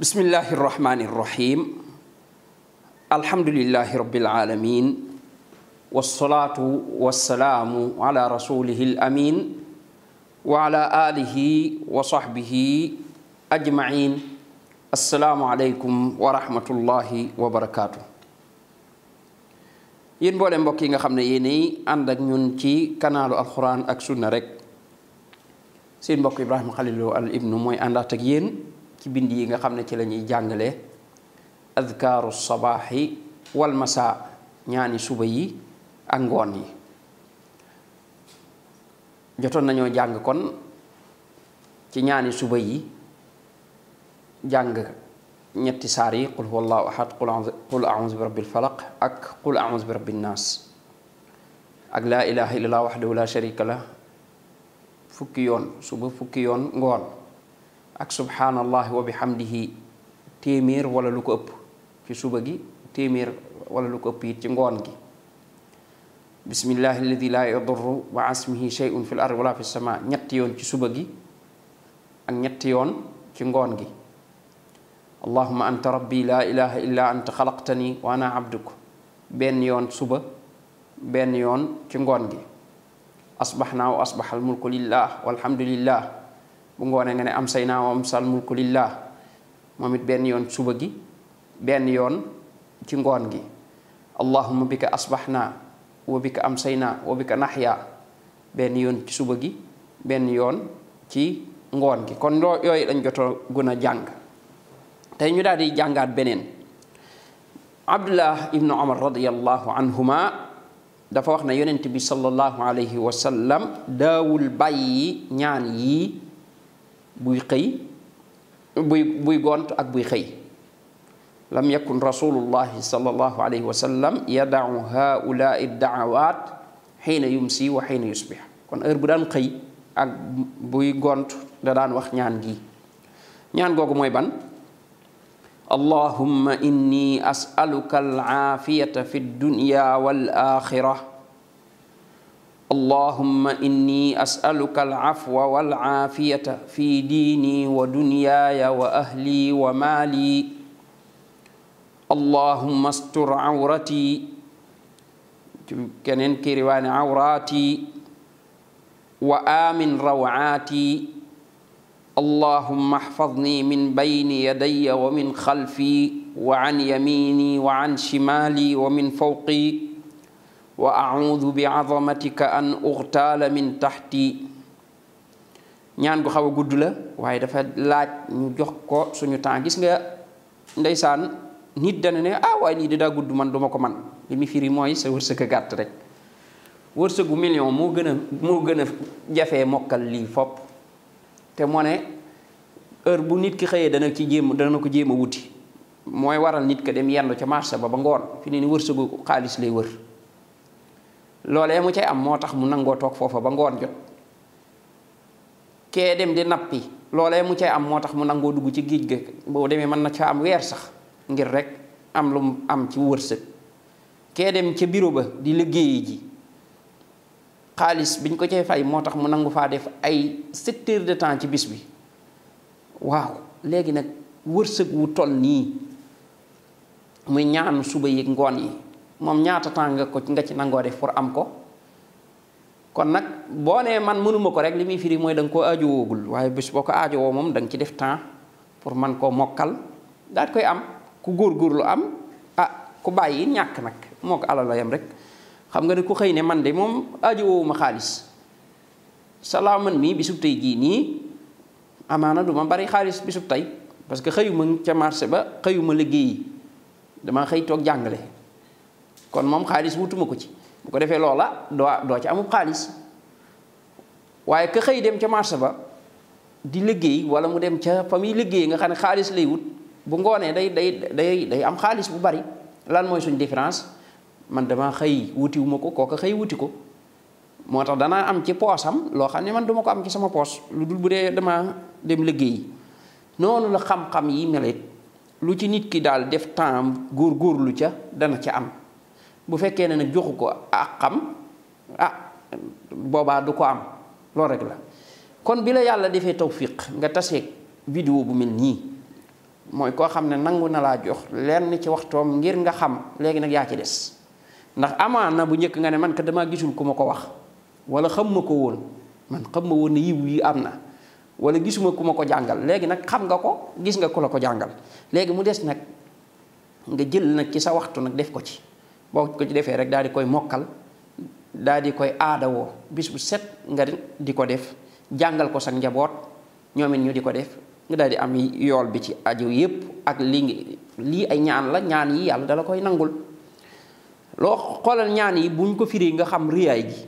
بسم الله الرحمن الرحيم الحمد لله رب العالمين والصلاة والسلام على رسوله الأمين وعلى آله وصحبه أجمعين السلام عليكم ورحمة الله وبركاته yeen mbolé mbokk yi nga xamné yeen yi and ak ñun ci canal alcorane ak sunna rek seen ci bind yi nga xam ne ci la ñuy jàngale adkaaru sabaaxi wal masa ñaani suba yi ak ngoon yi jotoon nañoo jàng kon ci ñaani suba yi jàng ñetti saar yi qul huwallahu ahad qul a'uuzu bi rabbil falaq ak qul a'uuzu bi rabbin naas ak laa ilaha illallah wahdahu la sharika la fukki yoon suba fukki yoon ngoon ak subhanallahi wa bihamdihi temir wala luko upp ci suba gi temir wala luko upp ci ngon gi bismillahi alladi la yadurru wa asmihi shay'un fil ardi wala fis sama ñetti yoon ci suba gi ak ñetti yoon ci ngon gi allahuma anta rabbi laa ilaha illa anta xalaqtani wa ana abduka benn yoon suba benn yoon ci ngoon gi asbaxnaa wa asbaxal mulku lillah walhamdulillah bu ngone nga ne am sayna naa am sal mulku lillah momit ben yon suba gi ben yon ci ngone gi allahumma bika asbahna wa bika am say wa bika nahya ben yon ci suba gi ben yon ci ngone gi kon loo lañ joto guna jang tay ñu daal di benen abdullah ibnu umar radiyallahu anhuma dafa wax na yonent bi sallallahu alayhi wa sallam dawul bayyi ñaan yi بوي خي لم يكن رسول الله صلى الله عليه وسلم يدع هؤلاء الدعوات حين يمسي وحين يصبح كون اير بودان خي اك بوي غونت دا دان واخ نيان جي نيان غوغو موي بان اللهم اني اسالك العافيه في الدنيا والاخره اللهم إني أسألك العفو والعافية في ديني ودنياي وأهلي ومالي اللهم استر عورتي كنن كيروان عوراتي وآمن روعاتي اللهم احفظني من بين يدي ومن خلفي وعن يميني وعن شمالي ومن فوقي wa audu bi azamatika an uxtaala min taxti ñaan gu xaw a gudd la waaye dafa laaj ñu jox ko suñu temps gis nga ndeysaan nit dana ne ah waaye lii di daa gudd man duma ko man li mu firi mooy sa wërsëg a gàtt rek wërsëgu million moo gën a moo gën a jafee mokkal lii fopp te moo ne heure bu nit ki xëyee dana ci jéem dana ko jéema a wuti mooy waral nit ka dem yendu ca marché ba ba ngoon fi ne ni wërsëgu xaalis lay wër loolee mu cay am moo tax mu nangoo toog foofa ba ngoon jot kee dem di nappi loolee mu cay am moo tax mu nangoo dugg ci géej ga boo demee mën na ca am weer sax ngir rek am lu am ci wërsëg kee dem ca bureau ba di liggéeyi ji xaalis biñ ko cay fay moo tax mu nangu faa def ay sept de temps ci bis bi waaw léegi nag wërsëg wu tol nii muy ñaan suba yeeg ngoon yi mom ñaata temps nga ko nga ci nangoo def pour am ko kon nag boo nee man mënuma ko rek li muy firi mooy da nga koo aajowoogul waaye bés boo ko aajowoo moom da ci def temps pour man koo mokkal daal koy am ku góorgóorlu am ah ku bàyyi ñàkk nag moo ko alal yam rek xam nga ne ku xëy ne man de moom aajowoowuma xaalis salaaman mii bisub tey jii nii amaana du ma bari xaalis bisub tey parce que xëyuma ca marché ba xëyuma liggéeyi dama xëy toog jàngale kon mom xaalis wutuma ko ci bu ko doa lola do do ci amu xaalis waye ke xey dem ci marché ba di liggey wala mu dem ci fami liggey nga xane ne lay wut bu ngone day day day day am xaalis bu bari lan moy suñu différence man dama wuti wutiwuma ko kooka xey wuti ko motax dana am ci posam lo xam man duma ko am ci sama pos, lu dul bu dama dem liggey nonu la xam-xam yi melit lu ci nit ki dal def temps gor lu ca dana ci am bu fekkee ne nag joxu ko ak xam ah, boobaa du ko am loolu rek la kon bi la yàlla defee tawfiq nga taseeg vidéo bu mel nii mooy koo xam ne nangu na laa jox lenn ci waxtoom ngir nga xam léegi nag yaa ci des ndax amaan na bu njëkk nga ne man ka damaa gisul ku ma ko wax wala xam ma ko woon man xam ma woon ne yiw yi am na wala gisuma ku ma ko jàngal léegi nag xam nga ko gis nga ko la ko jàngal léegi mu des nag nga jël nag ci sa waxtu nag def ko ci bo ko ci defé rek dal di koy mokal dal di koy adawo bis bu set nga di ko def jangal ko sa njabot ñoom ñu di ko def nga dal di am yool bi ci aju yépp ak li li ay ñaan la ñaan yi yalla dala koy nangul lo xolal ñaan yi buñ ko firi nga xam riyaay gi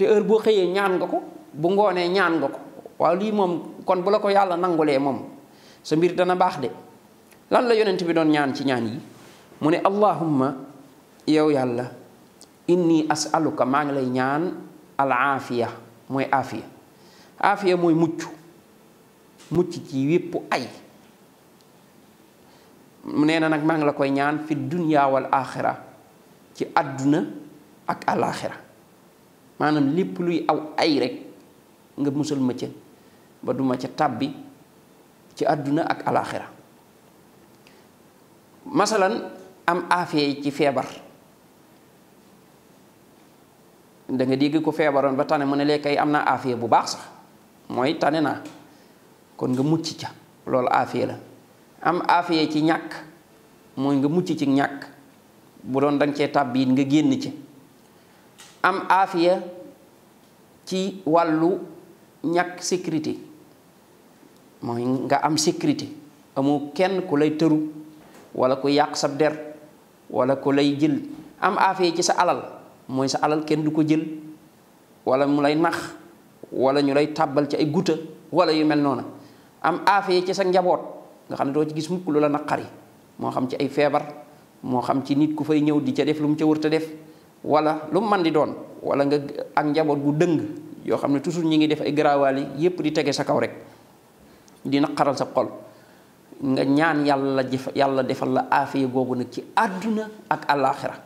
te heure boo xëyee ñaan nga ko bu ngone ñaan nga ko wa li mom kon bu la ko yalla nangulee mom sa mbir dana bax de lan la yonent bi doon ñaan ci ñaan yi mune allahumma yow yalla inni asaluka ma ngi lay ñaan al aafiya moy afiyah, afiyah moy muccu muccu ci wepp ay neena nak ma ngi la koy ñaan fi dunya wal akhirah ci aduna ak akhirah manam lepp luy aw ay rek nga musul ma ci ba duma ci tabbi ci aduna ak akhirah masalan am afiyah ci febar da nga dégg ko feebaroon ba tane mu ne lee kay am naa bu baax sax mooy tane naa kon nga mucc ca loolu aafiya la am aafiya ci ñàkk mooy nga mucc ci ñàkk bu doon danga cee tàbbi nga génn ci am aafiya ci wàllu ñàkk sécurité mooy nga am sécurité amu kenn ku lay tëru wala ku yàq sab der wala ku lay jël am aafiya ci sa alal moy sa alal kenn du ko jël wala mu lay nax wala ñu lay tabal ci ay guta wala yu mel nona am afei ci sa njabot nga xamne do ci gis mukk nak nakari mo xam ci ay febar mo xam ci nit ku fay ñew di ci def lu mu ci wërta def wala lu mu man di doon wala nga ak njabot gu deung yo xamne ne toujours ñi ngi def ay grawali yépp di tégué sa kaw rek di nakaral sa xol nga ñaan yalla jëf yalla defal la aafiya gogu nak ci aduna ak àllaaxira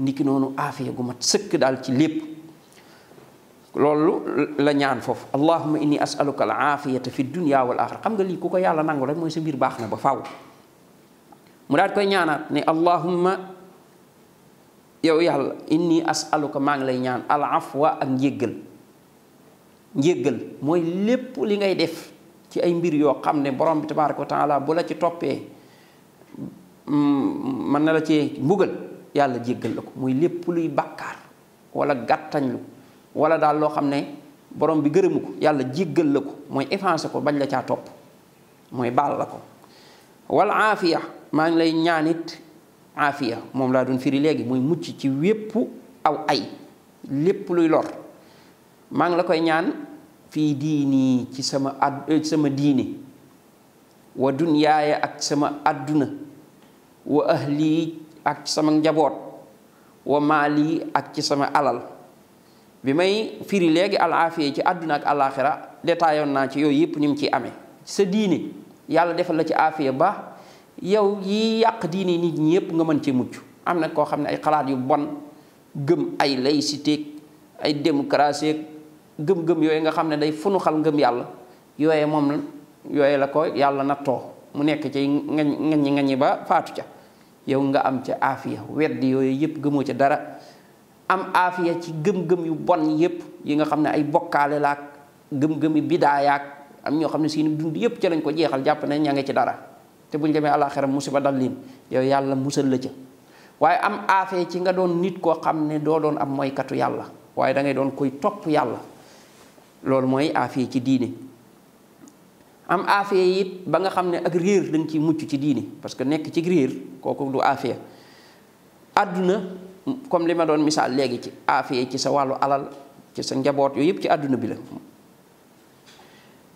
niki nonu afiya gu mat sekk dal ci lepp lolou la ñaan fofu allahumma inni asaluka al afiyata fi dunya wal akhirah xam nga li ku ko yàlla nangu rek moy sa bir baxna ba faaw mu dal koy ñaanat ne allahumma yow yalla inni asaluka ma ngi lay ñaan al afwa ak ngeegal ngeegal moy lepp li ngay def ci ay mbir yo xamne borom bi tabaaraku taala bu la ci topé man mm, na la ci mbugal yàlla jéggal la ko muy lépp luy bàkkaar wala gàttañlu wala daal loo xam ne borom bi gërëmu ko yàlla jéggal la ko mooy effacé ko bañ la caa topp mooy baal la ko wal aafiya maa ngi lay ñaanit aafiya moom laa doon firi léegi muy mucc ci wépp aw ay lépp luy lor maa ngi la koy ñaan fii diini ci sama ad eh, sama diini wa dunyaaya ak sama àdduna wa ahli ak ci sama njabot wa maali ak ci sama alal bi may firi legi al afiya ci aduna ak alaxira detayon na ci yoy yep ni ci amé sa diine yalla defal la ci afiya ba yow yi yàq diine nit ñepp nga mën ci muccu amna na xamne ay xalaat yu bon gëm ay laïcité ay démocratie gëm-gëm yoy nga xamne day day funuxal ngëm yàlla yooye moom yooye la ko yalla natto mu nekk ci ngagn ngagn ba fatu ca yow nga am ca aafiya weddi yooyu yëpp gëmoo ca dara am aafiya ci gëm-gëm yu bon yëpp yi nga xam ne ay bokkaale laak gëm-gëmi bidaayaak am ñoo xam ne seeni dund yëpp ca lañ ko jeexal jàpp ne ña nga ci dara te buñ demee àlaxira musiba dal leen yow yàlla musal la ca waaye am aafiya ci nga doon nit koo xam ne doo doon am moykatu yàlla waaye da ngay doon koy topp yàlla loolu mooy aafiya ci diine am aafiya it ba nga xam ne ak réer dañ ci mucc ci diini parce que nekk ci réer kooku du aafiya àdduna comme li ma doon misaal léegi ci aafiya ci sa wàllu alal ci sa njaboot yooyu yëpp ci àdduna bi la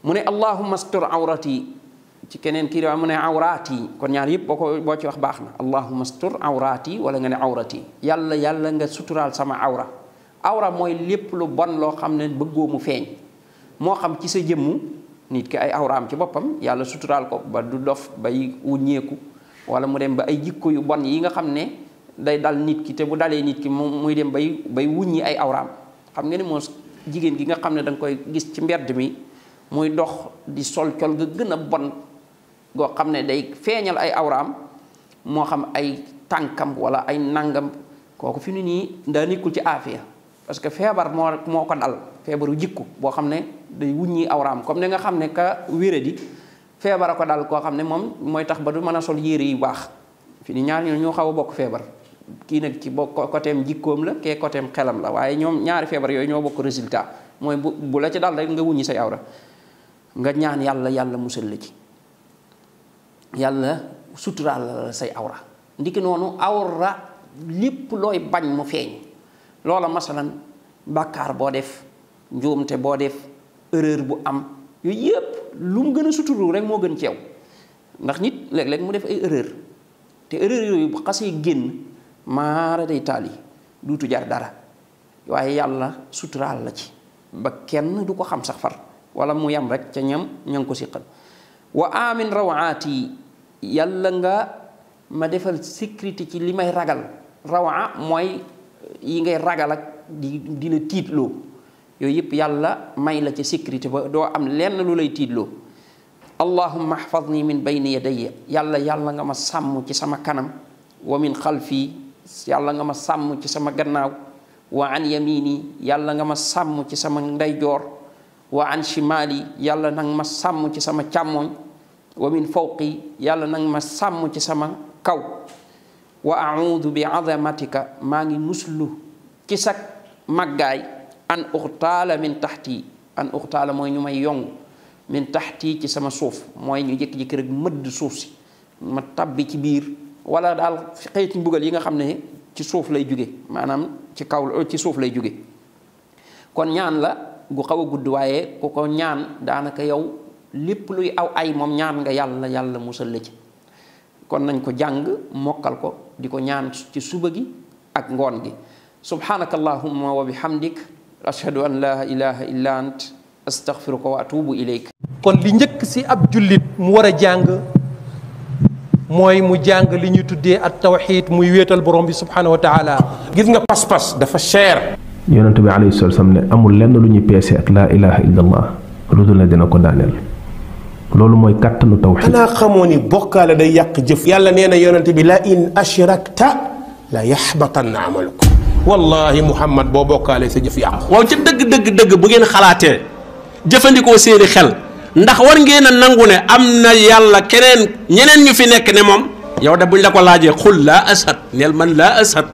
mu ne allahumma astur awrati ci keneen kii mu ne awraati kon ñaar yëpp boo ko boo ci wax baax na allahumma astur awraati wala nga ne awrati yàlla yàlla nga suturaal sama awra awra mooy lépp lu bon loo xam ne bëggoo mu feeñ moo xam ci sa jëmm nit ki ay awraam ci boppam yàlla suturaal ko ba du dof bay wuññeeku wala mu dem ba ay jikko yu bon yi nga xam ne day dal nit ki te bu dalee nit ki moom muy dem bay bay wuññi ay awraam xam nga ni moo jigéen gi nga xam ne danga koy gis ci mbedd mi muy dox di sol col ga gën a bon goo xam ne day feeñal ay awraam moo xam ay tànkam wala ay nangam kooku fi mu nii daa nekkul ci aafiya parce que feebar moo moo ko dal febaru jikku bo xamne ne day wunni awram comme ne nga xamne ne ka wéré di febar ko dal ko xamne ne moy tax ba du meuna sol yéré yi bax fi ni ñaar ñoo xawa bok febar ki nak kii nag ci bokk côtéem jikkoom la kee côtéem xélam la waye ñom ñaari febar yoy ñoo bok résultat moy bu la ci dal rek nga wunni say awra nga ñaan yalla yalla musul la ci yalla sutural say awra ndiki nonu awra lepp loy bañ mu feñ lola masalan bakar bo def te bo def erreur bu am yu yep lu mu gëna suturu rek mo gën ci yow ndax nit leg leg mu def ay erreur te erreur yooyu bu xasee génn maara day taali duutu jar dara waye yalla sutural la ci ba kenn du ko xam sax far wala mu yam rek ca ñam ñang ko siqal wa amin rawati yalla nga ma defal security ci limay ragal rawa moy yi ngay ragal ak di di lo yooyu yalla, yàlla may la ci sikri ba do am len lu lay tidlo allahumma ihfazni min bayni yadayya yalla yalla nga ma sam ci sama kanam wa min khalfi yalla nga ma sam ci sama gannaaw wa an yamini Yalla nga ma sam ci sama jor wa an shimali Yalla nang ma sam ci sama chamoy wa min fawqi yalla nang ma sam ci sama kaw wa a'udhu bi azamatika ma ngi muslu ci sak maggaay an uxtaala min taxti an uxtaala mooy ñu may yong min taxti ci sama suuf mooy ñu jékki-jékki rek mëdd suuf si ma tabbi ci biir wala daal xëyti mbugal yi nga xam ne ci suuf lay jóge maanaam ci kaw ci suuf lay jóge kon ñaan la gu xaw a gudd waaye ku ko ñaan daanaka yow lépp luy aw ay moom ñaan nga yàlla yàlla musal la ci kon nañ ko jàng mokkal ko di ko ñaan ci suba gi ak ngoon gi subhanaka allahumma wa bihamdik أشهد أن لا إله إلا أنت أستغفرك وأتوب إليك كون لي سي اب جوليت مو جانغ موي مو جانغ لي التوحيد موي ويتال بروم سبحانه وتعالى غيسغا باس باس دا فا يونت بي عليه الصلاه والسلام امول لين لو ني بيسي اله الا الله رودنا دينا كو دانيل موي كاتلو توحيد انا خموني بوكال دا ياك جيف نينا يونت بي لا ان اشركت لا يحبطن عملكم والله محمد بو بوكالي سي جيف يام واو تي دغ دغ دغ بو ген خلاتي جيفانديكو سيني خيل نдах وار نغينا نانغوني امنا يالا كينين نينن ني في نيك ني موم ياو دا بو نلاكو لاجي قل لا اسد نيل من لا اسد